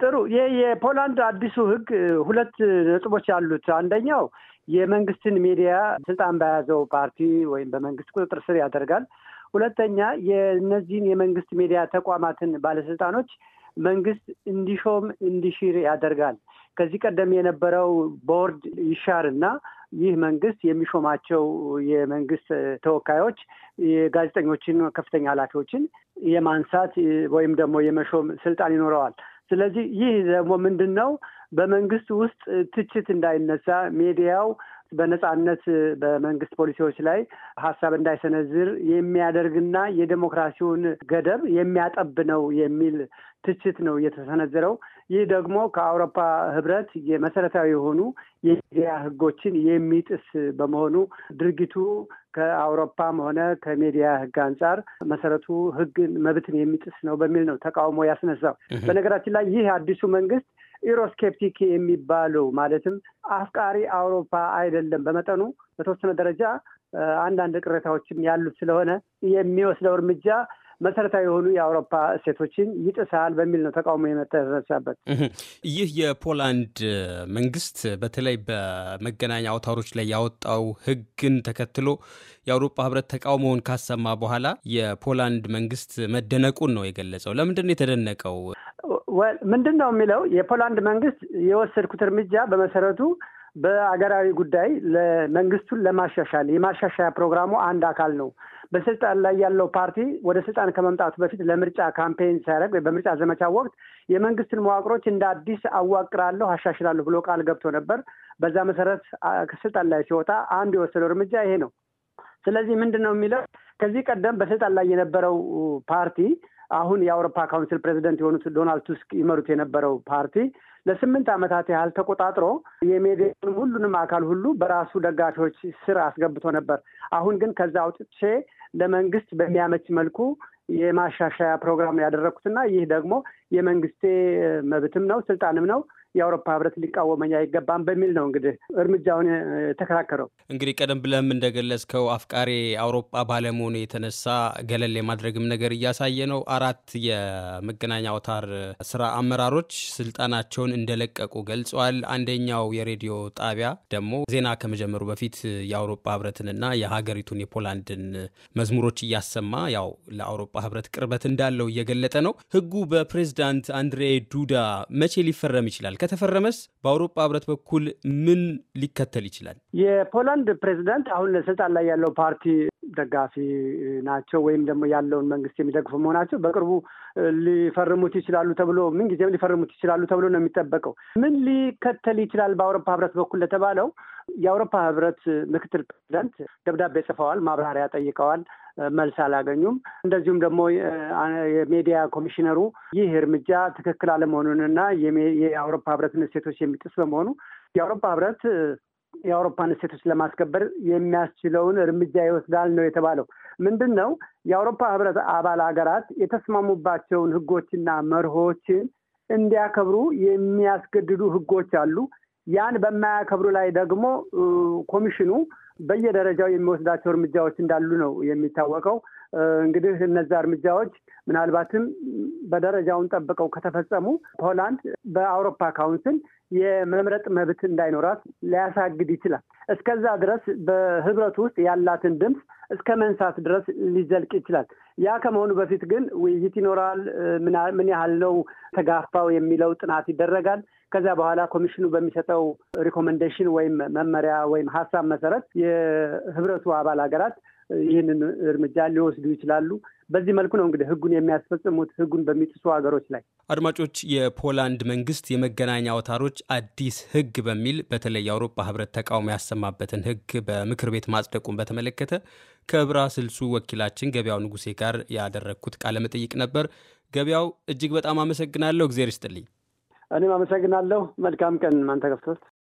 ጥሩ። ይህ የፖላንድ አዲሱ ህግ ሁለት ነጥቦች አሉት። አንደኛው የመንግስትን ሚዲያ ስልጣን በያዘው ፓርቲ ወይም በመንግስት ቁጥጥር ስር ያደርጋል። ሁለተኛ የእነዚህን የመንግስት ሚዲያ ተቋማትን ባለስልጣኖች መንግስት እንዲሾም እንዲሽር ያደርጋል። ከዚህ ቀደም የነበረው ቦርድ ይሻርና ይህ መንግስት የሚሾማቸው የመንግስት ተወካዮች የጋዜጠኞችን ከፍተኛ ኃላፊዎችን የማንሳት ወይም ደግሞ የመሾም ስልጣን ይኖረዋል። ስለዚህ ይህ ደግሞ ምንድን ነው በመንግስት ውስጥ ትችት እንዳይነሳ ሚዲያው በነጻነት በመንግስት ፖሊሲዎች ላይ ሀሳብ እንዳይሰነዝር የሚያደርግና የዴሞክራሲውን ገደብ የሚያጠብ ነው የሚል ትችት ነው የተሰነዘረው ይህ ደግሞ ከአውሮፓ ህብረት የመሰረታዊ የሆኑ የሚዲያ ህጎችን የሚጥስ በመሆኑ ድርጊቱ ከአውሮፓም ሆነ ከሚዲያ ህግ አንጻር መሰረቱ ህግን፣ መብትን የሚጥስ ነው በሚል ነው ተቃውሞ ያስነሳው። በነገራችን ላይ ይህ አዲሱ መንግስት ኢሮስኬፕቲክ የሚባሉ ማለትም አፍቃሪ አውሮፓ አይደለም። በመጠኑ በተወሰነ ደረጃ አንዳንድ ቅሬታዎችም ያሉት ስለሆነ የሚወስደው እርምጃ መሰረታዊ የሆኑ የአውሮፓ እሴቶችን ይጥሳል በሚል ነው ተቃውሞ የመተነሳበት። ይህ የፖላንድ መንግስት በተለይ በመገናኛ አውታሮች ላይ ያወጣው ሕግን ተከትሎ የአውሮፓ ህብረት ተቃውሞውን ካሰማ በኋላ የፖላንድ መንግስት መደነቁን ነው የገለጸው። ለምንድን ነው የተደነቀው? ምንድን ነው የሚለው የፖላንድ መንግስት የወሰድኩት እርምጃ በመሰረቱ በአገራዊ ጉዳይ ለመንግስቱን ለማሻሻል የማሻሻያ ፕሮግራሙ አንድ አካል ነው። በስልጣን ላይ ያለው ፓርቲ ወደ ስልጣን ከመምጣቱ በፊት ለምርጫ ካምፔን ሲያደርግ በምርጫ ዘመቻ ወቅት የመንግስትን መዋቅሮች እንደ አዲስ አዋቅራለሁ፣ አሻሽላለሁ ብሎ ቃል ገብቶ ነበር። በዛ መሰረት ከስልጣን ላይ ሲወጣ አንዱ የወሰደው እርምጃ ይሄ ነው። ስለዚህ ምንድን ነው የሚለው ከዚህ ቀደም በስልጣን ላይ የነበረው ፓርቲ አሁን የአውሮፓ ካውንስል ፕሬዚደንት የሆኑት ዶናልድ ቱስክ ይመሩት የነበረው ፓርቲ ለስምንት ዓመታት ያህል ተቆጣጥሮ የሜዲያን ሁሉንም አካል ሁሉ በራሱ ደጋፊዎች ስር አስገብቶ ነበር። አሁን ግን ከዛ አውጥቼ ለመንግስት በሚያመች መልኩ የማሻሻያ ፕሮግራም ያደረግኩትና ይህ ደግሞ የመንግስቴ መብትም ነው ስልጣንም ነው የአውሮፓ ህብረት ሊቃወመኝ አይገባም በሚል ነው እንግዲህ እርምጃውን የተከራከረው። እንግዲህ ቀደም ብለም እንደገለጽከው አፍቃሪ አውሮፓ ባለመሆኑ የተነሳ ገለል የማድረግም ነገር እያሳየ ነው። አራት የመገናኛ አውታር ስራ አመራሮች ስልጣናቸውን እንደለቀቁ ገልጸዋል። አንደኛው የሬዲዮ ጣቢያ ደግሞ ዜና ከመጀመሩ በፊት የአውሮፓ ህብረትንና የሀገሪቱን የፖላንድን መዝሙሮች እያሰማ ያው ለአውሮፓ ህብረት ቅርበት እንዳለው እየገለጠ ነው። ህጉ በፕሬዝዳንት አንድሬ ዱዳ መቼ ሊፈረም ይችላል? ከተፈረመስ በአውሮፓ ህብረት በኩል ምን ሊከተል ይችላል? የፖላንድ ፕሬዚዳንት አሁን ለስልጣን ላይ ያለው ፓርቲ ደጋፊ ናቸው ወይም ደግሞ ያለውን መንግስት የሚደግፉ መሆናቸው በቅርቡ ሊፈርሙት ይችላሉ ተብሎ ምንጊዜም ሊፈርሙት ይችላሉ ተብሎ ነው የሚጠበቀው። ምን ሊከተል ይችላል በአውሮፓ ህብረት በኩል ለተባለው የአውሮፓ ህብረት ምክትል ፕሬዚዳንት ደብዳቤ ጽፈዋል፣ ማብራሪያ ጠይቀዋል። መልስ አላገኙም። እንደዚሁም ደግሞ የሜዲያ ኮሚሽነሩ ይህ እርምጃ ትክክል አለመሆኑንና የአውሮፓ ህብረትን እሴቶች የሚጥስ በመሆኑ የአውሮፓ ህብረት የአውሮፓን እሴቶች ለማስከበር የሚያስችለውን እርምጃ ይወስዳል ነው የተባለው። ምንድን ነው የአውሮፓ ህብረት አባል ሀገራት የተስማሙባቸውን ህጎችና መርሆችን እንዲያከብሩ የሚያስገድዱ ህጎች አሉ። ያን በማያከብሩ ላይ ደግሞ ኮሚሽኑ በየደረጃው የሚወስዳቸው እርምጃዎች እንዳሉ ነው የሚታወቀው። እንግዲህ እነዛ እርምጃዎች ምናልባትም በደረጃውን ጠብቀው ከተፈጸሙ ፖላንድ በአውሮፓ ካውንስል የመምረጥ መብት እንዳይኖራት ሊያሳግድ ይችላል። እስከዛ ድረስ በህብረቱ ውስጥ ያላትን ድምፅ እስከ መንሳት ድረስ ሊዘልቅ ይችላል። ያ ከመሆኑ በፊት ግን ውይይት ይኖራል። ምን ያህል ነው ተጋፋው የሚለው ጥናት ይደረጋል። ከዚያ በኋላ ኮሚሽኑ በሚሰጠው ሪኮመንዴሽን ወይም መመሪያ ወይም ሀሳብ መሰረት የህብረቱ አባል ሀገራት ይህንን እርምጃ ሊወስዱ ይችላሉ። በዚህ መልኩ ነው እንግዲህ ህጉን የሚያስፈጽሙት ህጉን በሚጥሱ ሀገሮች ላይ። አድማጮች፣ የፖላንድ መንግስት የመገናኛ አውታሮች አዲስ ህግ በሚል በተለይ የአውሮፓ ህብረት ተቃውሞ ያሰማበትን ህግ በምክር ቤት ማጽደቁን በተመለከተ ከብራስልሱ ወኪላችን ገበያው ንጉሴ ጋር ያደረግኩት ቃለ መጠይቅ ነበር። ገበያው፣ እጅግ በጣም አመሰግናለሁ። እግዜር ይስጥልኝ። እኔም አመሰግናለሁ። መልካም ቀን ማንተጋፍቶት